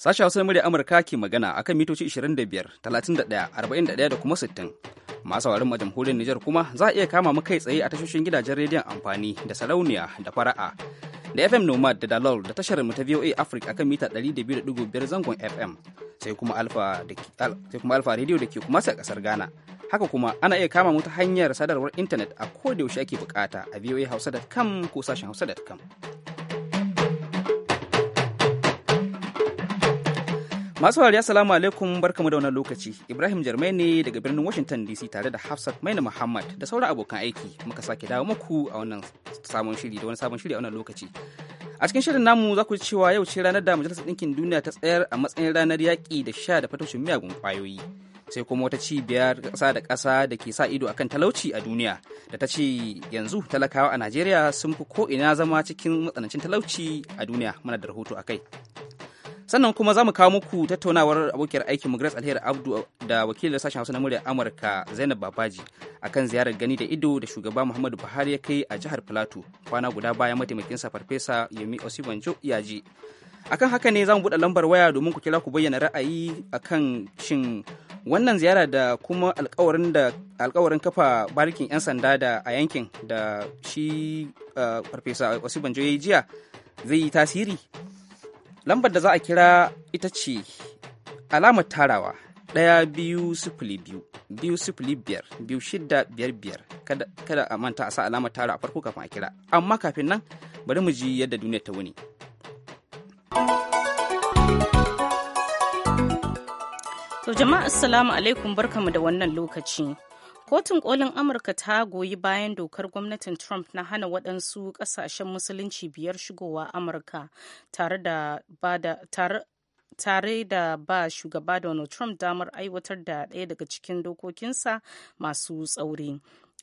Sashen Hausa murya Amurka ke magana a kan mitoci 25, 31, 41 da kuma 60. Masu sauraron mu jamhuriyar Nijar kuma za a iya kama mu kai tsaye a tashoshin gidajen rediyon amfani da sarauniya da fara'a. Da FM Nomad da Dalol da tashar mu ta VOA Africa akan mita 200.5 zangon FM. Sai kuma Alfa da Radio da ke kuma sa kasar Ghana. Haka kuma ana iya kama mu ta hanyar sadarwar intanet a da yaushe ake bukata a voahausa.com ko sashen hausa.com. Masu ya salamu alaikum barkamu da wannan lokaci. Ibrahim Jarmai ne daga birnin Washington DC tare da Hafsat Maina Muhammad da sauran abokan aiki muka sake dawo muku a wannan sabon shiri da wani sabon shiri a wannan lokaci. A cikin shirin namu za ku ji cewa yau ce ranar da Majalisar Ɗinkin Duniya ta tsayar a matsayin ranar yaƙi da sha da fatoshin miyagun ƙwayoyi. Sai kuma wata cibiyar ƙasa da ƙasa da ke sa ido akan talauci a duniya da ta ce yanzu talakawa a Najeriya sun fi ko ina zama cikin matsanancin talauci a duniya mana da rahoto a kai. sannan kuma za mu kawo muku tattaunawar abokiyar aikin Grace Alheri Abdu da wakilin sashen Hausa na murya Amurka Zainab Babaji akan ziyarar gani da ido da shugaba Muhammadu Buhari ya kai a jihar Plateau kwana guda bayan sa Farfesa Yemi Osibanjo ya je. Akan haka ne za mu buɗe lambar waya domin ku kira ku bayyana ra'ayi akan shin wannan ziyara da kuma alkawarin alkawarin kafa barikin 'yan sanda da a yankin da shi eh, farfesa Osibanjo ya yi jiya zai yi tasiri lambar da za a kira ita ce alamar tarawa ɗaya biyu sifili biyu biyu sifili biyar biyu shida biyar biyar kada a manta a sa alamar tara a farko kafin a kira amma kafin nan bari mu ji yadda duniya ta wuni to jama'a assalamu alaikum barkamu da wannan lokaci Kotun kolin Amurka ta goyi bayan dokar gwamnatin Trump na hana waɗansu ƙasashen musulunci biyar shigowa Amurka tare da tare da ba shugaba Donald Trump damar aiwatar da ɗaya daga cikin dokokinsa masu tsauri.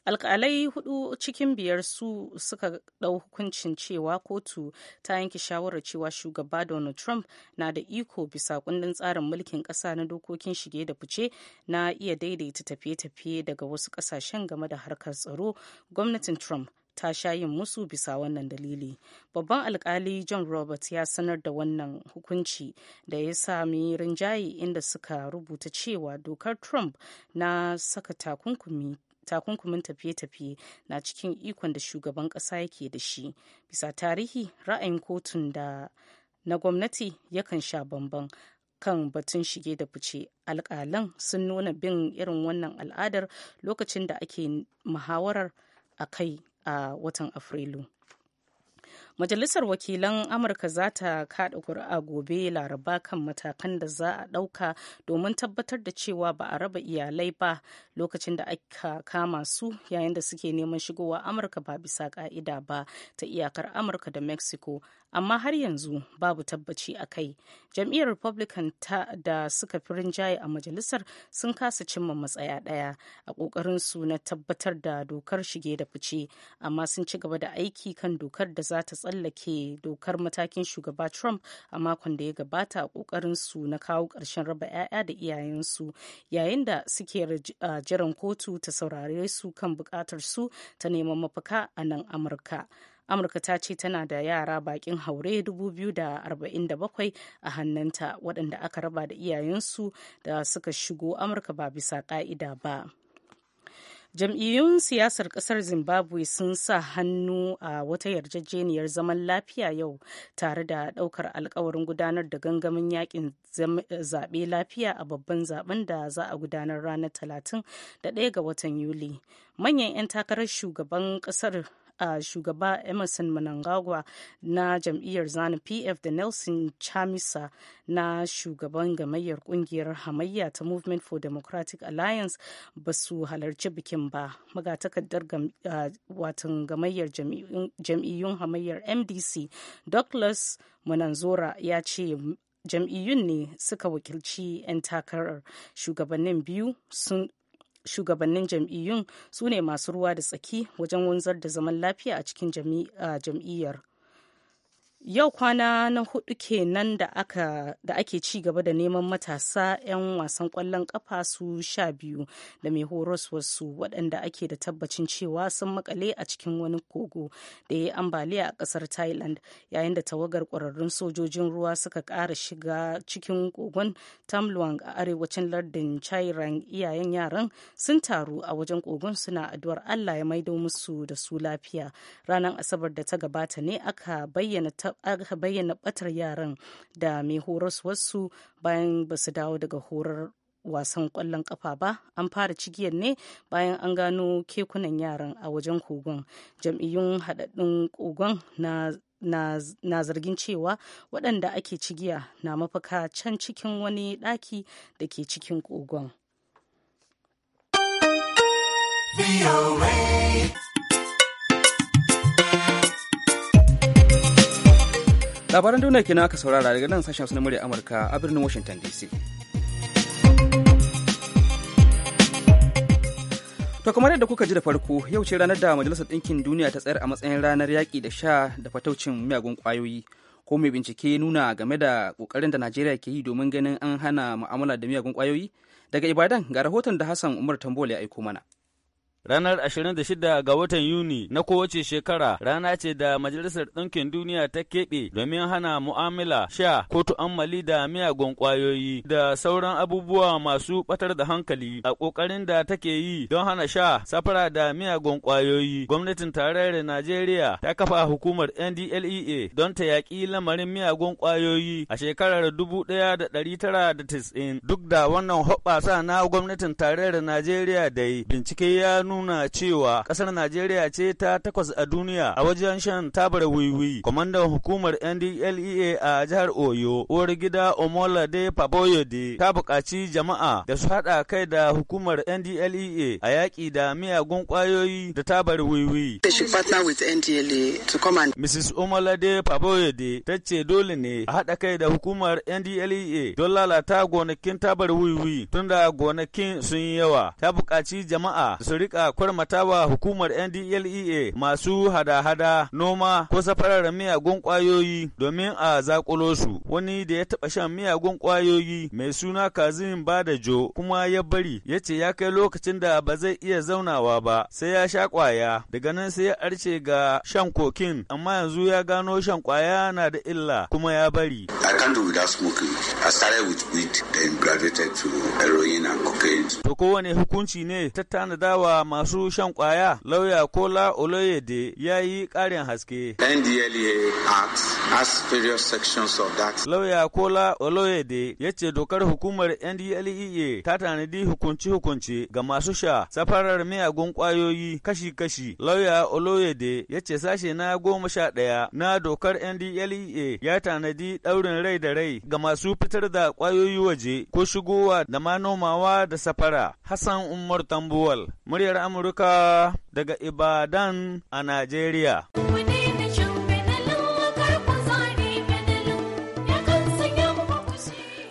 alkalai hudu cikin biyar su suka ɗau hukuncin cewa kotu ta yanke shawarar cewa shugaba donald trump na da iko bisa kundin tsarin mulkin ƙasa na dokokin shige da fice na iya daidaita tafiye-tafiye daga wasu ƙasashen game da harkar tsaro gwamnatin trump ta sha yin musu bisa wannan dalili babban alkali john roberts ya sanar da wannan hukunci da ya sami rinjaye inda suka rubuta cewa dokar trump na saka takunkumi takunkumin tafiye-tafiye na cikin ikon da shugaban ƙasa yake da shi bisa tarihi ra'ayin kotun da na gwamnati yakan sha bamban kan batun shige da fice alƙalan sun nuna bin irin wannan al'adar lokacin da ake muhawarar a kai a watan afrilu majalisar wakilan amurka za ta kada kuri'a gobe laraba kan matakan da za a ɗauka domin tabbatar da cewa ba a raba iyalai ba lokacin da aka kama su yayin da suke neman shigowa amurka ba bisa ƙa'ida ba ta iyakar amurka da mexico amma har yanzu babu tabbaci a kai jam'iyyar republican ta da suka fi rinjaye a majalisar sun kasa cimma matsaya daya a kokarin su na tabbatar da dokar shige da fice amma sun ci gaba da aiki kan dokar da za ta tsallake dokar matakin shugaba trump a makon da ya gabata a kokarin su na kawo karshen raba 'ya'ya da iyayensu yayin da suke jiran kotu ta saurare su kan bukatar su ta neman mafaka a nan amurka amurka ta ce tana da yara bakin haure bakwai a hannunta waɗanda aka raba da iyayensu da suka shigo amurka ba bisa ƙa'ida ba jam'iyyun siyasar ƙasar zimbabwe sun sa hannu a wata yarjejeniyar zaman lafiya yau tare da ɗaukar alkawarin gudanar da gangamin yakin zaɓe lafiya a babban zaben da za a gudanar ranar 31 ga watan yuli manyan 'yan takarar shugaban ƙasar. a shugaba emerson manangagwa na jam'iyyar zanu pf da nelson chamisa na shugaban gamayyar kungiyar hamayya ta movement for democratic alliance ba su halarci bikin ba magatakardar watan gamayyar jam'iyyun hamayyar mdc douglas mananzora ya ce jam'iyyun ne suka wakilci 'yan takarar shugabannin biyu sun shugabannin jam'iyyun su ne masu ruwa da tsaki wajen wanzar da zaman lafiya a cikin jam'iyyar. yau kwana na hudu kenan da ake ci gaba da neman matasa 'yan wasan kwallon kafa su sha biyu da mai wasu waɗanda ake da tabbacin cewa sun makale a cikin wani kogo da ya yi ambaliya a ƙasar thailand yayin da tawagar ƙwararrun sojojin ruwa suka ƙara shiga cikin kogon tamluang a arewacin lardin chairang iyayen yaran sun taru a wajen kogon suna addu'ar allah ya maido musu da su lafiya ranar asabar da ta gabata ne aka bayyana aka bayyana batar yaran da mai horas wasu bayan ba su dawo daga horar wasan kwallon kafa ba an fara cigiyar ne bayan an gano kekunan yaran a wajen kogon jam'iyyun haɗaɗɗun kogon na na, zargin cewa waɗanda ake cigiya na mafaka can cikin wani ɗaki da ke cikin kogon. labaran duniya kenan aka saurara daga nan sashen sunan murya amurka a birnin washington dc to kamar yadda kuka ji da farko yau ce ranar da majalisar ɗinkin duniya ta tsayar a matsayin ranar yaƙi da sha da fataucin miyagun ƙwayoyi ko mai bincike nuna game da ƙoƙarin da najeriya ke yi domin ganin an hana mu'amala da miyagun ƙwayoyi daga ibadan ga rahoton da hassan umar tambola ya aiko mana Ranar 26 ga watan Yuni na kowace shekara rana ce da Majalisar Ɗinkin Duniya ta keɓe domin hana mu'amala sha ko tu'ammali da miyagun ƙwayoyi da sauran abubuwa masu ɓatar da hankali a ƙoƙarin da take yi don hana sha safara da miyagun ƙwayoyi. Gwamnatin tarayyar Najeriya ta kafa hukumar NDLEA don ta yaƙi lamarin miyagun ƙwayoyi a shekarar da 1990 duk da wannan hoɓɓasa na gwamnatin tarayyar Najeriya da yi bincike ya nuna nuna cewa ƙasar Najeriya ce ta takwas a duniya a wajen shan tabar wiwi. Kwamandan hukumar NDLEA a jihar Oyo, uwar gida Omolade Faboyode ta buƙaci jama'a da su haɗa kai da hukumar NDLEA a yaƙi da miyagun kwayoyi da tabar wiwi. E Mrs. Omolade Faboyode ta ce dole ne a haɗa kai da hukumar NDLEA don lalata gonakin tabar wiwi tunda gonakin sun yi yawa. Ta buƙaci jama'a su riƙa da wa hukumar NDLEA masu hada-hada noma ko safarar miyagun kwayoyi domin a zakulo su. Wani da ya taɓa shan miyagun kwayoyi mai suna Kazim jo kuma ya bari ya ce ya kai lokacin da ba zai iya zaunawa ba sai ya sha kwaya daga nan sai ya arce ga shan kokin amma yanzu ya gano shan kwaya na da illa kuma ya bari. I can't do without smoking. I started with weed then graduated to heroin and cocaine. To hukunci ne ta tanadawa masu shan kwaya lauya Kola Oloyede ya yi ƙarin haske. NDLEA Act has various sections of that. Lauya Kola Oloyede ya ce dokar hukumar NDLEA ta tanadi hukunci-hukunci ga masu sha safarar miyagun kwayoyi kashi-kashi. Lauya Oloyede ya ce sashe na goma sha ɗaya na dokar NDLEA ya tanadi ɗaurin rai da rai ga masu fitar da kwayoyi waje ko shigowa da manomawa da safara. Hassan Umar Tambuwal, muryar muryar Amurka daga Ibadan a Najeriya.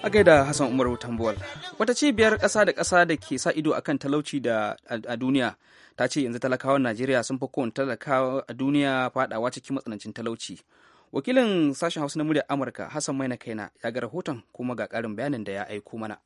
A gaida Hassan Umar Tambuwal, wata cibiyar ƙasa da ƙasa da ke sa ido akan talauci da a duniya ta ce yanzu talakawan Najeriya sun fi kowane talakawa a duniya faɗawa cikin matsanancin talauci. Wakilin sashen Hausa na murya Amurka Hassan Maina Kaina ya ga rahoton kuma ga ƙarin bayanin da ya aiko mana.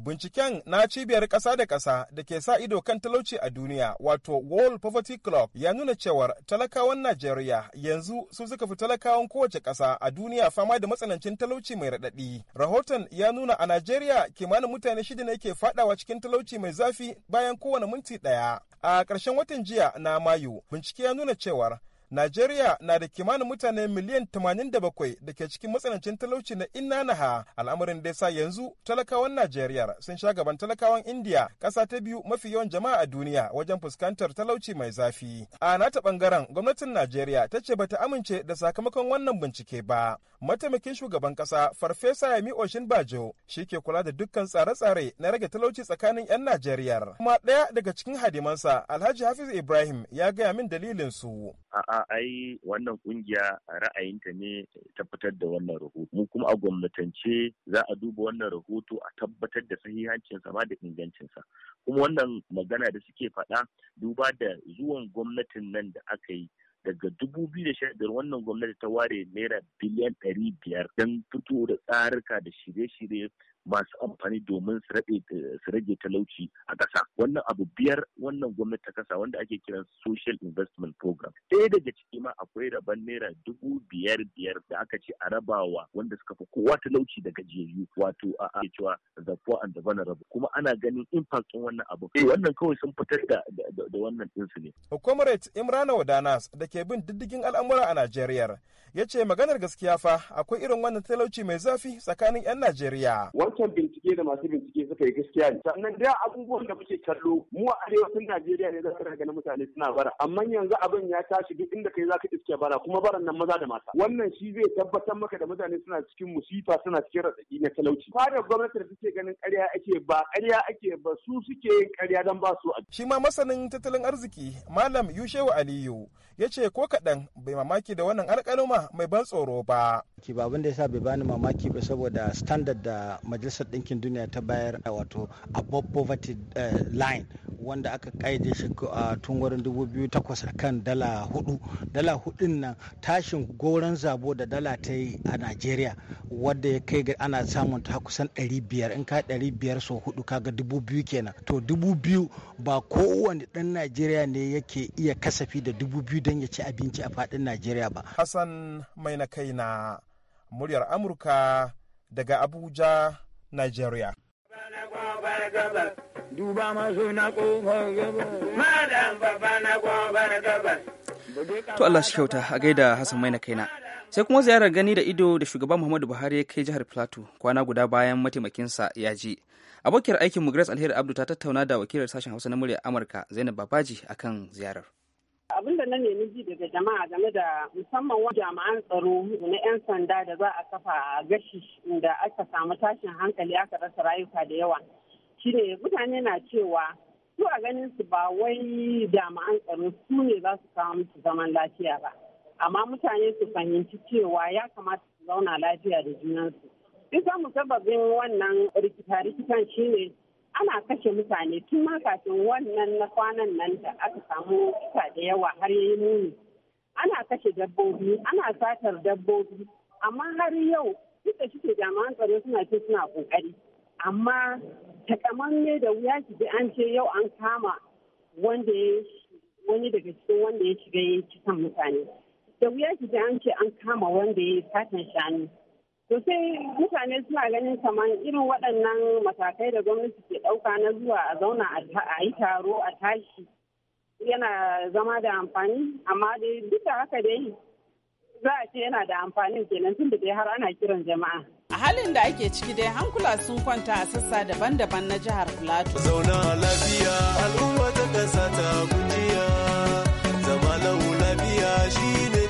Binciken na cibiyar ƙasa da ƙasa da ke sa ido kan talauci a duniya wato World Poverty Club ya nuna cewar talakawan Najeriya yanzu su suka fi talakawan kowace ƙasa a duniya fama da matsanancin talauci mai raɗaɗi. Rahoton ya nuna a Najeriya kimanin mutane shida ne ke faɗawa cikin talauci mai zafi bayan kowane minti ɗaya. A ƙarshen watan jiya na Mayu, bincike ya nuna cewar Najeriya na da kimanin mutane miliyan 87 da ke cikin matsanancin talauci na inanaha al'amarin da sa yanzu talakawan Najeriya sun sha gaban talakawan India ƙasa ta biyu mafi yawan jama'a a duniya wajen fuskantar talauci mai zafi. A nata bangaren gwamnatin Najeriya ta ce bata amince da sakamakon wannan bincike ba. Mataimakin shugaban ƙasa Farfesa Yemi Oshin Bajo shi ke kula da dukkan tsare-tsare na rage talauci tsakanin 'yan Najeriya. Kuma ɗaya daga cikin hadimansa Alhaji Hafiz Ibrahim ya gaya min dalilin su. a'a ai wannan kungiya ra'ayinta ne ta fitar da wannan rahoto mu kuma a gwamnatance za a duba wannan rahoto a tabbatar da sahihancinsa ma da ingancinsa kuma wannan magana da suke faɗa duba da zuwan gwamnatin nan da aka yi daga biyar wannan gwamnati ta ware naira biliyan ɗari biyar don fito da tsarika da shirye-shirye masu amfani domin su rage talauci a ƙasa wannan abu biyar wannan gwamnati ta kasa wanda ake kiran social investment program ɗaya daga ciki ma akwai rabon naira dubu biyar biyar da aka ce a rabawa wanda suka fi kowa talauci da gajiyayyu wato a ake cewa the poor and the vulnerable kuma ana ganin impact wannan abu eh wannan kawai sun fitar da da wannan ɗinsu ne. Comrade Imrana Wadanas da ke bin diddigin al'amura a Najeriya ya ce maganar gaskiya fa akwai irin wannan talauci mai zafi tsakanin 'yan Najeriya. wancan bincike da masu bincike suka yi gaskiya ne sannan da abubuwan da muke kallo mu a arewacin Najeriya ne zaka ga ganin mutane suna bara amma yanzu abin ya tashi duk inda kai zaka iske bara kuma baran nan maza da mata wannan shi zai tabbatar maka da mutane suna cikin musifa suna cikin radadi na talauci fadar gwamnati da take ganin ƙarya ake ba ƙarya ake ba su suke yin ƙarya don ba su shi ma masanin tattalin arziki malam yushewa Aliyu ya ce ko kaɗan bai mamaki da wannan alƙaluma mai ban tsoro ba. Ki ba da yasa bai bani mamaki ba saboda standard da majalisar ɗinkin duniya ta bayar eh, wato above poverty eh, line wanda aka ƙaide shi eh, tun wurin 2008 kan dala hudu dala hudun nan tashin goron zabo da dala ta yi a nigeria wadda ya kai ga ana samun ta kusan 500 in ka 500 so hudu kaga 2000 kenan to 2000 ba kowane ɗan nigeria ne yake iya kasafi da 2000 don ya ci abinci a faɗin Najeriya ba. Hassan mai na kai na muryar Amurka daga Abuja, Najeriya. To Allah shi kyauta a gaida Hassan mai kai kaina. Sai kuma ziyarar gani da ido da shugaban Muhammadu Buhari ya kai jihar Plateau kwana guda bayan mataimakinsa ya ji. Abokiyar aikin mu Alheri Abdu ta tattauna da wakilar sashen Hausa na murya Amurka Zainab Babaji akan ziyarar. abin da na nemi ji daga jama'a game da musamman wa jami'an tsaro na 'yan sanda da za a kafa a gashi da aka samu tashin hankali aka rasa rayuka da yawa shine mutane na cewa su a ganin su ba wai jami'an tsaro su ne za su kawo musu zaman lafiya ba amma mutane su fahimci cewa ya kamata su zauna lafiya da junansu. Duk sababin wannan rikita-rikitan shine ana kashe mutane tun ma kafin wannan na kwanan nan da aka samu kisa da yawa har yayi muni ana kashe dabbobi ana satar dabbobi amma har yau duk da shike jami'an tsaro suna ce suna kokari amma takamamme da wuya ki an ce yau an kama wanda ya wani daga cikin wanda ya shiga ya ci kan mutane da wuya ki an ce an kama wanda ya yi satan shanu sosai mutane suna ganin kamar irin waɗannan matakai da gwamnati ke ɗauka na zuwa a zauna a yi taro a tashi yana zama da amfani amma dai duka haka dai za a ce yana da amfani kenan tun da dai har ana kiran jama'a. A halin da ake ciki dai hankula sun kwanta a sassa daban-daban na jihar Plateau. Zauna lafiya al'umma ta kasa ta kujiya zama lau lafiya shine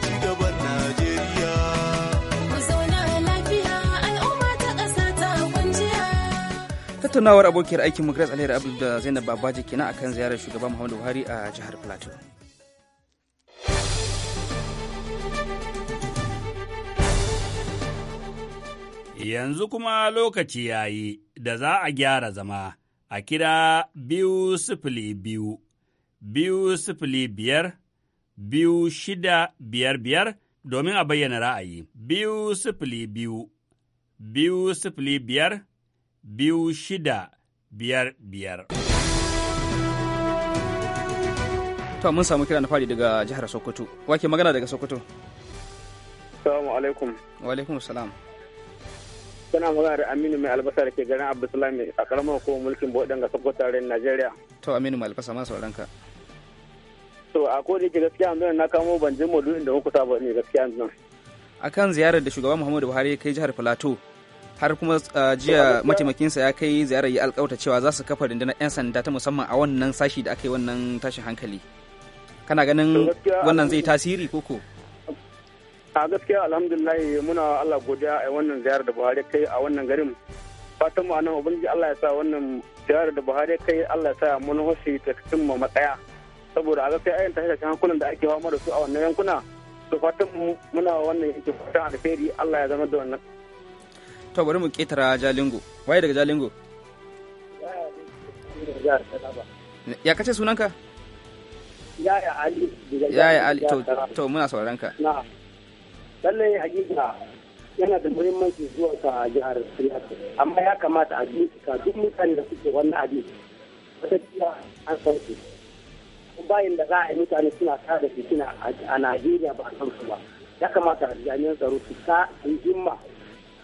tattaunawar abokiyar aikin mu Grace Alheri Abdul da Zainab Babaji kenan akan ziyarar shugaban Muhammadu Buhari a jihar Plateau. Yanzu kuma lokaci ya yi da za a gyara zama a kira biyu sifili biyu, biyu sifili biyar, biyu shida biyar biyar domin a bayyana ra'ayi, biyu sifili biyu, biyu sifili biyar, biyu shida biyar biyar. To mun samu kira na fari daga jihar Sokoto. Wake magana daga Sokoto. Assalamu alaikum. Wa alaikum salam. Kana magana da Aminu mai albasa da ke garin Abdulsalami a karamar ko mulkin Bauɗan ga Sokoto tarayyar Najeriya. To Aminu mai albasa masu ranka. To a ko da yake gaskiya yanzu na kamo ban jin maudu'in da muku saba ne gaskiya yanzu. Akan ziyarar da shugaban Muhammadu Buhari ya kai jihar Plateau har kuma uh, jiya mataimakinsa ya kai ziyarar yi alkawta cewa za su kafa rundunar 'yan sanda ta musamman a wannan sashi da aka yi wannan tashin hankali kana ganin wannan zai tasiri koko a gaskiya alhamdulillah muna allah godiya a wannan ziyarar da buhari kai a wannan garin fatan mu anan ubangiji allah ya sa wannan ziyarar da buhari kai allah ya sa mun hoshi ta cimma matsaya saboda a gaskiya ayin cikin hankulan da ake fama da su a wannan yankuna to fatan mu muna wannan yake fatan alheri allah ya zama da wannan to bari mu ketara jalingo waye daga jalingo ya kace sunanka yaya ali yaya ali to to muna sauraron ka na hakika yana da muhimmanci zuwa ka jihar Siyasa amma ya kamata a bincika duk mutane da suke wannan abin wata jiya an san su bayan da za a yi mutane suna tada fitina a Najeriya ba a san su ba ya kamata jami'an tsaro su ta himma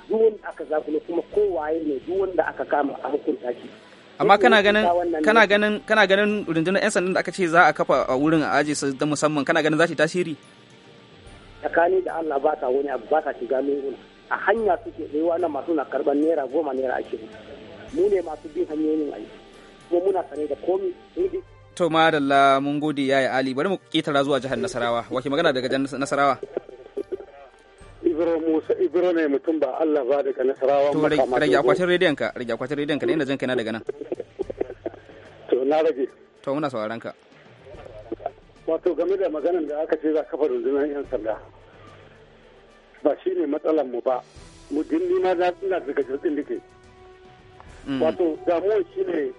duk wanda aka ne kuma kowaye ne duk wanda aka kama a hukunta shi amma kana ganin kana ganin kana ganin rundunar yan sandan da aka ce za a kafa a wurin a ajiye su da musamman kana ganin za ta tasiri tsakani da Allah ba ta wani abu ba ta shiga lungun a hanya suke tsayuwa na masu na karban naira goma naira ashirin mu ne masu bin hanyoyin aiki kuma muna sane da komi to madalla mun gode yaya ali bari mu ketara zuwa jihar nasarawa wace magana daga jihar nasarawa Ibro Musa Ibro ne mutum ba Allah ba daga Nasarawa To rage akwatin rediyon ka, rage akwatin rediyon ka ne inda kai na daga nan. To na rage. To muna sauraron ka. Wato game da maganar da aka ce za kafa rundunar yan sanda. Ba shi ne matsalar mu ba. Mu dinni ma za ina daga jirgin dake. Mm. Wato damuwar shi ne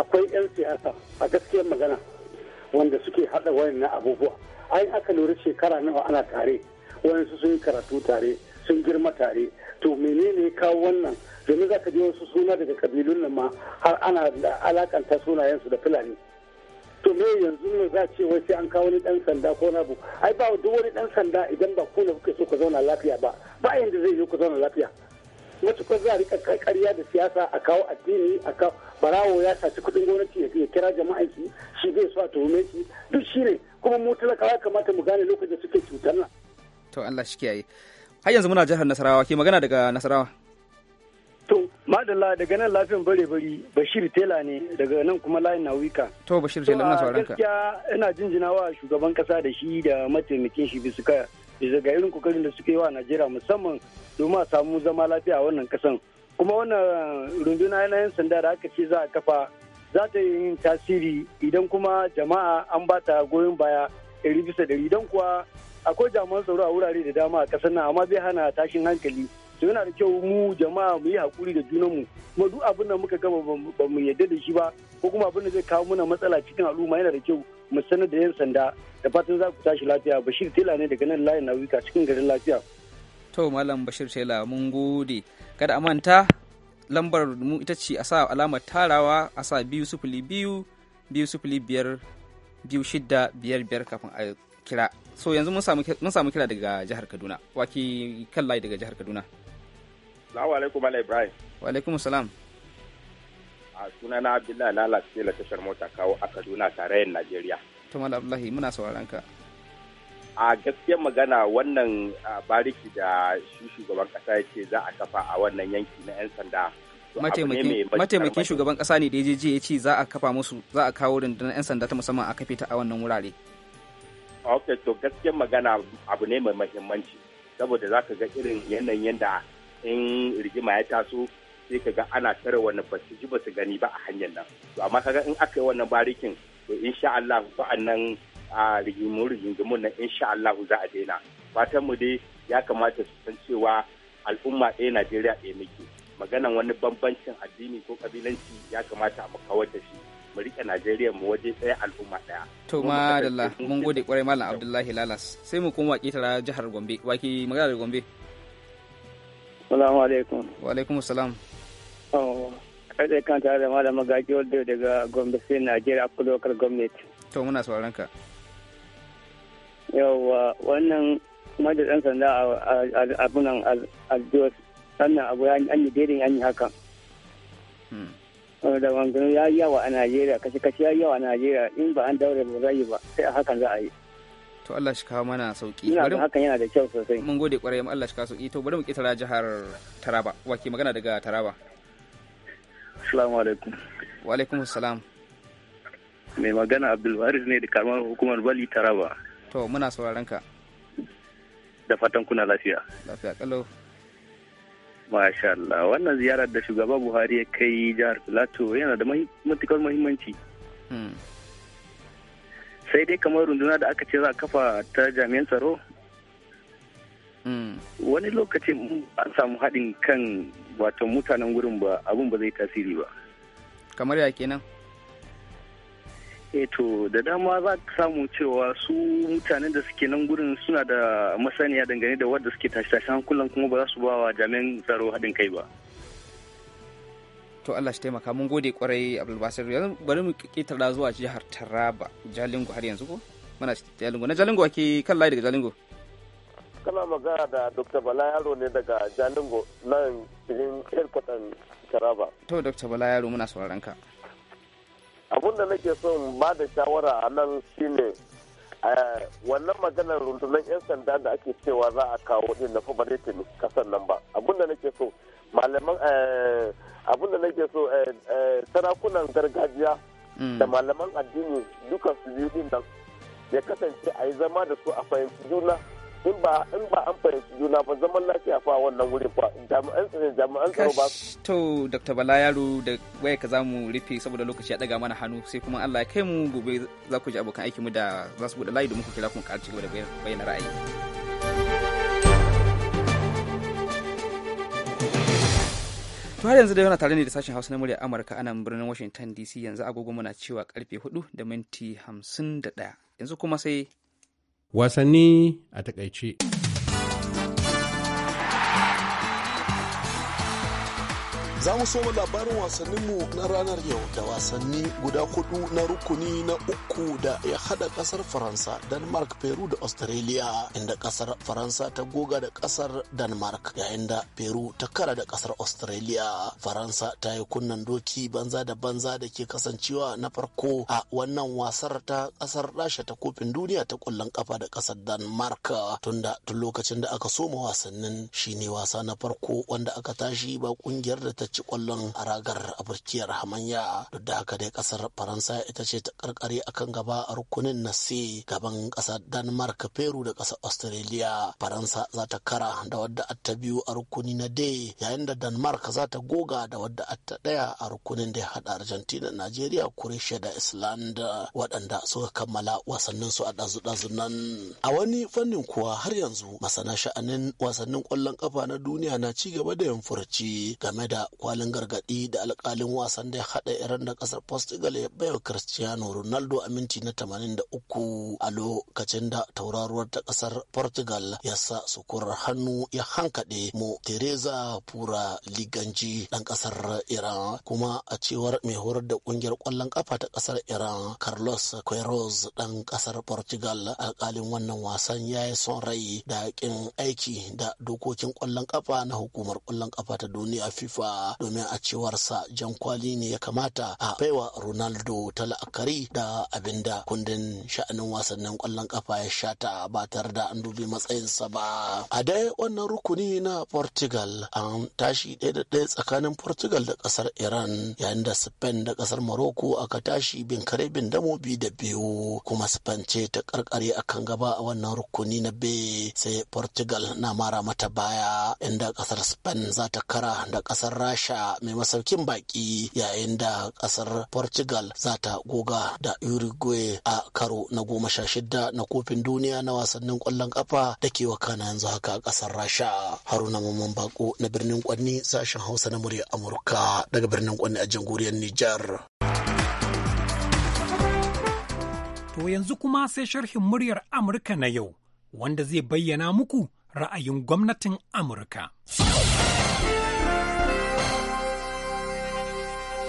akwai 'yan siyasa a gaskiyar magana wanda suke haɗa wayannan abubuwa. Ai aka lura shekara nawa ana tare. wayansu sun yi karatu tare sun girma tare to menene kawo wannan domin za ka je wasu suna daga kabilun nan ma har ana alakanta sunayensu da fulani to me yanzu ne za ce wai sai an kawo wani dan sanda ko na abu ai ba duk wani dan sanda idan ba ku ne kuke so ku zauna lafiya ba ba yanda zai yi ku zauna lafiya matukar za a rika karya da siyasa a kawo addini a kawo barawo ya saci kudin gwamnati ya kira jama'a shi shi bai so a tuhume shi duk shi ne kuma mu talakawa kamata mu gane lokacin da suke cutar nan to Allah shi kiyaye har yanzu muna jihar Nasarawa ke magana daga Nasarawa to madalla daga nan lafiyan bare bari Bashir Tela ne daga nan kuma layin Nawika to Bashir Tela ina sauraron ka ina jinjinawa shugaban kasa da shi da mataimakin shi bisu ka bisa ga irin kokarin da suke wa Najeriya musamman domin a samu zama lafiya a wannan kasan kuma wannan runduna na 'yan sanda da aka ce za a kafa za ta yi tasiri idan kuma jama'a an ba ta goyon baya 100 bisa ɗari idan kuwa akwai jami'an tsaro a wurare da dama a kasar nan amma bai hana tashin hankali to yana da kyau mu jama'a mu yi hakuri da junanmu kuma duk abin da muka gama ba mu yarda da shi ba ko kuma abin da zai kawo muna matsala cikin al'umma yana da kyau mu sanar da yan sanda da fatan za ku tashi lafiya bashir tela ne daga nan layin nauyuka cikin garin lafiya to malam bashir tela mun gode kada a manta lambar mu ita ce a sa alamar tarawa a sa biyu sufuli biyu biyu sufuli biyar biyu shidda biyar biyar kafin a kira so yanzu mun samu kira daga jihar kaduna waki kan layi daga jihar kaduna salamu alaikum ala ibrahim wa alaikum salam a suna na abdullahi lalace la tashar mota kawo a kaduna tarayyar najeriya to mala abdullahi muna sauraron ka a gaskiyar magana wannan bariki da shi shugaban kasa ya ce za a kafa a wannan yanki na 'yan sanda mataimakin shugaban kasa ne da ya je ya ce za a kafa musu za a kawo rundunar 'yan sanda ta musamman a kafe ta a wannan wurare ok to gaskiyar magana abu ne mai mahimmanci saboda za ka ga irin yanayin da in rigima ya taso sai ka ga ana tare wannan ba su ji ba gani ba a hanyar nan to amma kaga in aka yi wannan barikin to insha Allah a nan a rigimun na nan insha Allah za a daina fatan mu dai ya kamata su san cewa al'umma ɗaya Najeriya ɗaya muke maganan wani bambancin addini ko kabilanci ya kamata a makawar da shi mu rike Najeriya mu waje ɗaya al'umma ɗaya. To ma dalla mun gode kwarai Malam Abdullahi Lalas sai mu kuma koma ƙetara jihar Gombe waki magana da Gombe. Salamu alaikum. Wa alaikum salam. Oh, kai tsaye kan tare da Malam Magaji Waldo daga Gombe sai Najeriya ku lokar gwamnati. To muna sauran ka. Yawwa wannan da ɗan sanda a abunan aljiyar sannan abu an yi daidai an yi haka. Hmm. da wangano ya yi yawa a najeriya kashe kashe ya yi yawa a najeriya in ba an daure ba zai ba sai a hakan za a yi to Allah shi kawo mana sauki ina ga hakan yana da kyau sosai mun gode kwarai Allah shi kawo sauki to bari mu kitara jihar Taraba wake magana daga Taraba Assalamu alaikum wa alaikum assalam me magana Abdul Waris ne da karamar hukumar Bali Taraba to muna sauraron ka da fatan kuna lafiya lafiya kalau Masha Allah wannan ziyarar da shugaba Buhari ya kai jihar Filato yana da matuƙar muhimmanci. Hmm. Sai dai kamar runduna da aka ce za a kafa ta jami'an tsaro. Hmm. Wani lokacin an samu haɗin kan wato mutanen gurin ba abun ba zai tasiri ba. Kamar ya kenan? nan? Eh, to da dama za ka samu cewa su mutanen da suke nan gurin suna da masaniya dangane da wadda suke tashe-tashen hankulan kuma ba za su ba wa jami'an tsaro haɗin kai ba. to Allah shi taimaka mun gode kwarai Abdulbasir yanzu bari mu ketara zuwa jihar Taraba Jalingo har yanzu ko mana shi Jalingo na Jalingo ake kan layi daga Jalingo kana magana da Dr. Bala Yaro ne daga Jalingo nan cikin Kirkwatan Taraba to Dr. Bala Yaro muna sauraron ka abun da nake son ba da shawara a nan shine eh, wannan maganar rundunar 'yan sanda da ake cewa za a kawo din na fa bare ta kasar nan ba abun da nake so malaman eh, abun da nake so eh, sarakunan gargajiya mm. da malaman addini duka su biyu din nan ya kasance a yi zama da su a fahimci juna in ba in ba an fahimci juna ba zaman lafiya fa wannan wuri ba jami'an tsaro jami'an tsaro ba to Dr. Bala Yaro da waya ka zamu rufe saboda lokaci ya daga mana hannu sai kuma Allah ya kai mu gobe za ku ji abokan mu da za su bude layi da muku kira kun karci gaba da bayyana ra'ayi to har yanzu da yana tare ne da sashen hausa na murya amurka a nan birnin washington dc yanzu agogo muna cewa karfe 4 da minti 51 yanzu kuma sai Wasanni a takaice. Za mu soma labarin wasanninmu na ranar yau da wasanni guda kudu na rukuni na uku da ya hada kasar Faransa, Danmark, Peru da Australia, inda kasar Faransa ta goga da kasar Danmark, yayin da Peru ta kara da kasar Australia. Faransa ta yi kunnan doki banza da banza da ke kasancewa na farko a wannan wasar ta kasar Rasha ta kofin duniya ta kullun kafa da kasar Danmark, tunda tun lokacin da aka soma wasannin shine wasa na farko wanda aka tashi ba kungiyar da ta ci kwallon a ragar a burkiyar hamanya duk da haka dai kasar faransa ita ce ta karkare akan gaba a rukunin na c gaban kasar danmark peru da kasar australia faransa za ta kara da wadda a ta biyu a rukuni na d yayin da danmark za ta goga da wadda a ta daya a rukunin da ya hada argentina nigeria croatia da island waɗanda suka kammala wasannin su a dazu-dazu nan a wani fannin kuwa har yanzu masana sha'anin wasannin kwallon kafa na duniya na ci gaba da yin furci game da kwalin gargadi da alkalin wasan da ya haɗa iran da ƙasar portugal ya wa cristiano ronaldo a minti na 83 a lokacin da tauraruwar ta ƙasar portugal ya sa sukurar hannu ya hankaɗe mu teresa pura liganji ɗan ƙasar iran kuma a cewar mai horar da ƙungiyar kwallon ƙafa ta ƙasar iran carlos queiroz dan ƙasar portugal alkalin wannan wasan ya yi son rai da yakin aiki da dokokin ƙwallon ƙafa na hukumar ƙwallon ƙafa ta duniya fifa domin a cewarsa jan kwali ne ya kamata a baiwa Ronaldo ta la'akari da abinda. kundin sha'anin wasannin kwallon kafa ya shata ba tare da an dubi matsayinsa ba. A dai wannan rukuni na Portugal an tashi ɗaya da ɗaya tsakanin Portugal da ƙasar Iran yayin da Spain da ƙasar Morocco aka tashi bin kare bin damo biyu da biyu kuma Spain ce ta karkare a kan gaba a wannan rukuni na B sai Portugal na mara mata baya inda ƙasar Spain za ta kara da ƙasar Rasha Rasha mai masaukin baki yayin da ƙasar Portugal za ta goga da Uruguay a karo na goma sha shida na kofin duniya na wasannin ƙwallon ƙafa da ke wa kana yanzu haka a ƙasar Rasha. Haruna Mamman Bako na birnin Kwanni sashen Hausa na murya Amurka daga birnin Kwanni a jamhuriyar Nijar. To yanzu kuma sai sharhin muryar Amurka na yau, wanda zai bayyana muku ra'ayin gwamnatin Amurka.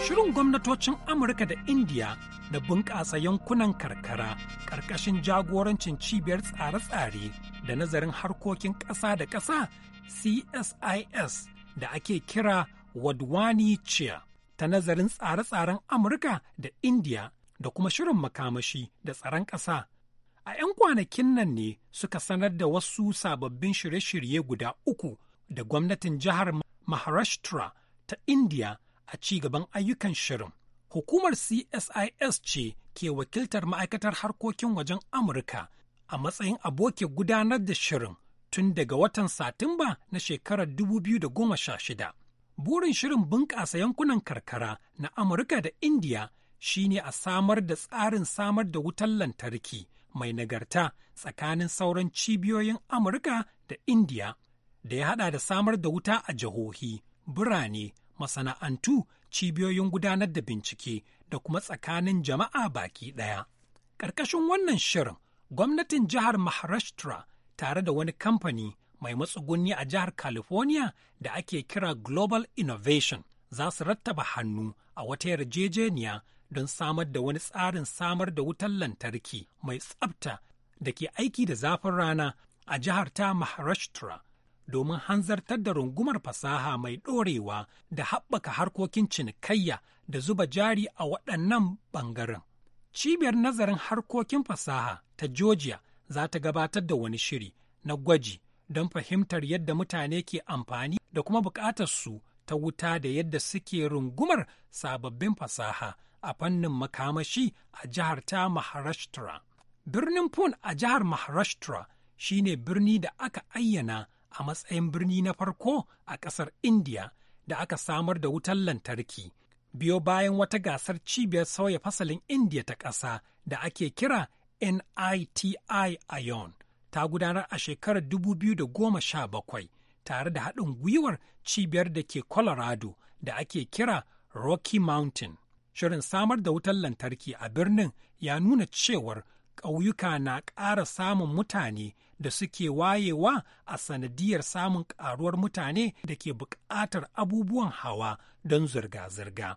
Shirin gwamnatocin Amurka da Indiya da bunƙasa yankunan karkara ƙarƙashin jagorancin cibiyar tsare-tsare da nazarin harkokin ƙasa da ƙasa CSIS da ake kira Wadwani Chair ta nazarin tsare-tsaren Amurka da Indiya da kuma shirin makamashi da tsaron ƙasa. A 'yan kwanakin nan ne suka sanar da wasu sababbin shirye-shirye guda uku da gwamnatin jihar Maharashtra ta Indiya a ci gaban ayyukan shirin. Hukumar CSIS ce ke wakiltar ma'aikatar harkokin wajen Amurka a matsayin abokin gudanar da shirin tun daga watan Satumba na shekarar 2016. Burin shirin bunƙasa yankunan karkara na Amurka da Indiya shine a samar da tsarin samar da wutar lantarki mai nagarta tsakanin sauran cibiyoyin Amurka da Indiya da ya haɗa da samar da wuta a jihohi, birane, masana'antu cibiyoyin gudanar da bincike da kuma tsakanin jama'a baki ɗaya. Ƙarƙashin wannan shirin gwamnatin jihar Maharashtra tare da wani kamfani mai matsuguni a jihar California da ake kira Global Innovation za su rattaba hannu a wata yarjejeniya don samar da wani tsarin samar da wutar lantarki mai tsabta da ke aiki da zafin rana a jihar ta Maharashtra domin hanzartar da rungumar fasaha mai ɗorewa da haɓaka harkokin cinikayya da zuba jari a waɗannan ɓangaren. Cibiyar nazarin harkokin fasaha ta Georgia za ta gabatar da wani shiri na gwaji don fahimtar yadda mutane ke amfani da kuma buƙatar su ta wuta da yadda suke rungumar sababbin fasaha a fannin makamashi a jihar ta Maharashtra. Birnin Pune a jihar Maharashtra shine birni da aka ayyana a matsayin birni na farko a ƙasar India da aka samar da wutar lantarki. Biyo bayan wata gasar cibiyar sauya fasalin India ta ƙasa da ake kira NITI ION ta gudanar a shekarar 2017 tare da haɗin gwiwar cibiyar da ke Colorado da ake kira Rocky Mountain. Shirin samar da wutar lantarki a birnin ya nuna cewar ƙauyuka na ƙara samun mutane da suke wayewa a sanadiyar samun ƙaruwar mutane da ke buƙatar abubuwan hawa don zirga-zirga.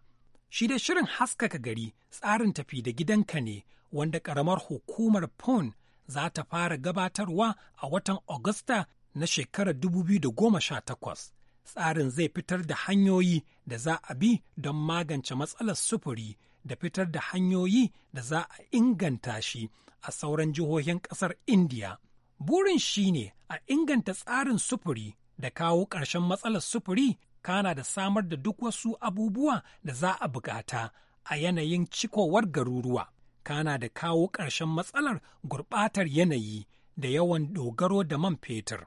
Shi da shirin haskaka gari tsarin tafi da gidanka ne wanda ƙaramar hukumar PON za ta fara gabatarwa a watan Agusta na shekarar 2018. Tsarin zai fitar da hanyoyi da za a bi don magance matsalar sufuri da fitar da hanyoyi da za a inganta shi a sauran jihohin ƙasar Indiya. Burin shi ne a inganta tsarin sufuri da kawo ƙarshen matsalar sufuri kana da samar da duk wasu abubuwa da za a bukata a yanayin cikowar garuruwa. Kana da kawo ƙarshen matsalar gurɓatar yanayi da yawan dogaro da man fetur.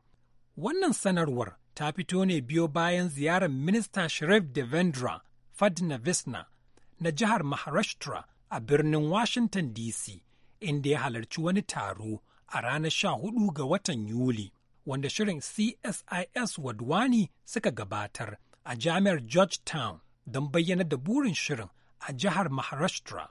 Wannan sanarwar ta fito ne biyo bayan ziyarar Minista Shreve Devendra Fadna Visna na jihar Maharashtra a birnin Washington DC inda ya halarci wani taro a ranar sha hudu ga watan Yuli, wanda shirin CSIS Wadwani suka gabatar a jami'ar Georgetown don bayyana da burin shirin a jihar Maharashtra.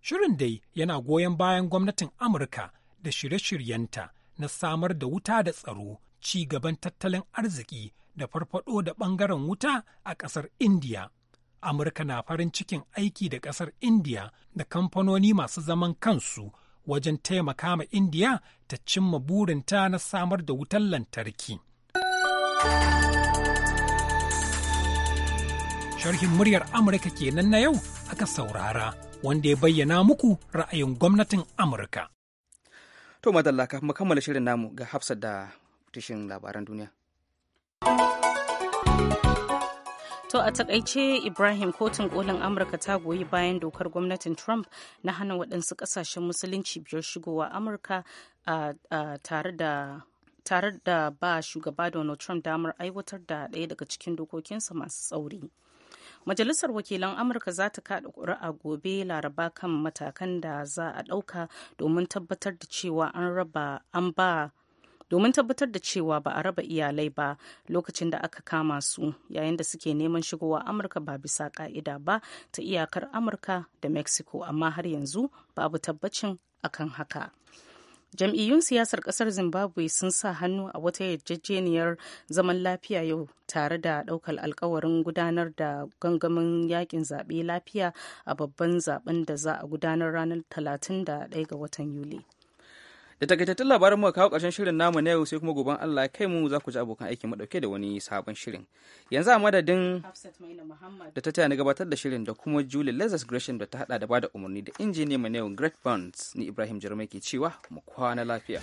Shirin dai yana goyon bayan gwamnatin Amurka da shirye-shiryenta na samar da wuta da tsaro, ci gaban tattalin arziki da farfado da ɓangaren wuta a ƙasar India. Amurka na farin cikin aiki da ƙasar India da kamfanoni masu zaman kansu wajen taimaka ma indiya ta cimma burinta na samar da wutar lantarki sharhin muryar amurka kenan na yau aka saurara wanda ya bayyana muku ra'ayin gwamnatin amurka to madalla kafin mu kammala shirin namu ga hafsa da tashin labaran duniya To a takaice Ibrahim kotun kolin Amurka ta goyi bayan dokar gwamnatin Trump na hana waɗansu ƙasashen musulunci biyar shigowa Amurka tare da tare da ba shugaba Donald Trump damar aiwatar da ɗaya daga cikin dokokinsa masu tsauri. Majalisar Wakilan Amurka za ta kaɗa ƙuri'a gobe laraba kan matakan da za a ɗauka domin tabbatar da cewa an raba an ba domin tabbatar da cewa ba a raba iyalai ba lokacin da aka kama su yayin da suke neman shigowa amurka ba bisa ka'ida ba ta iyakar amurka da mexico amma har yanzu babu tabbacin akan haka jam'iyyun siyasar kasar zimbabwe sun sa hannu a wata yarjejeniyar zaman lafiya yau tare da daukar alkawarin gudanar da gangamin yakin zaɓe lafiya a babban zaben da za a gudanar ranar 31 ga watan yuli da takaitattun labarin muka kawo karshen shirin namu na yau sai kuma gobe Allah kai mu za ku ji abokan aiki madauke da wani sabon shirin yanzu a madadin da ta taya na gabatar da shirin da kuma Julie Lazarus Gresham da ta hada da bada umarni da injiniya mai yau Greg Burns ni Ibrahim Jarmai ke cewa mu kwana lafiya.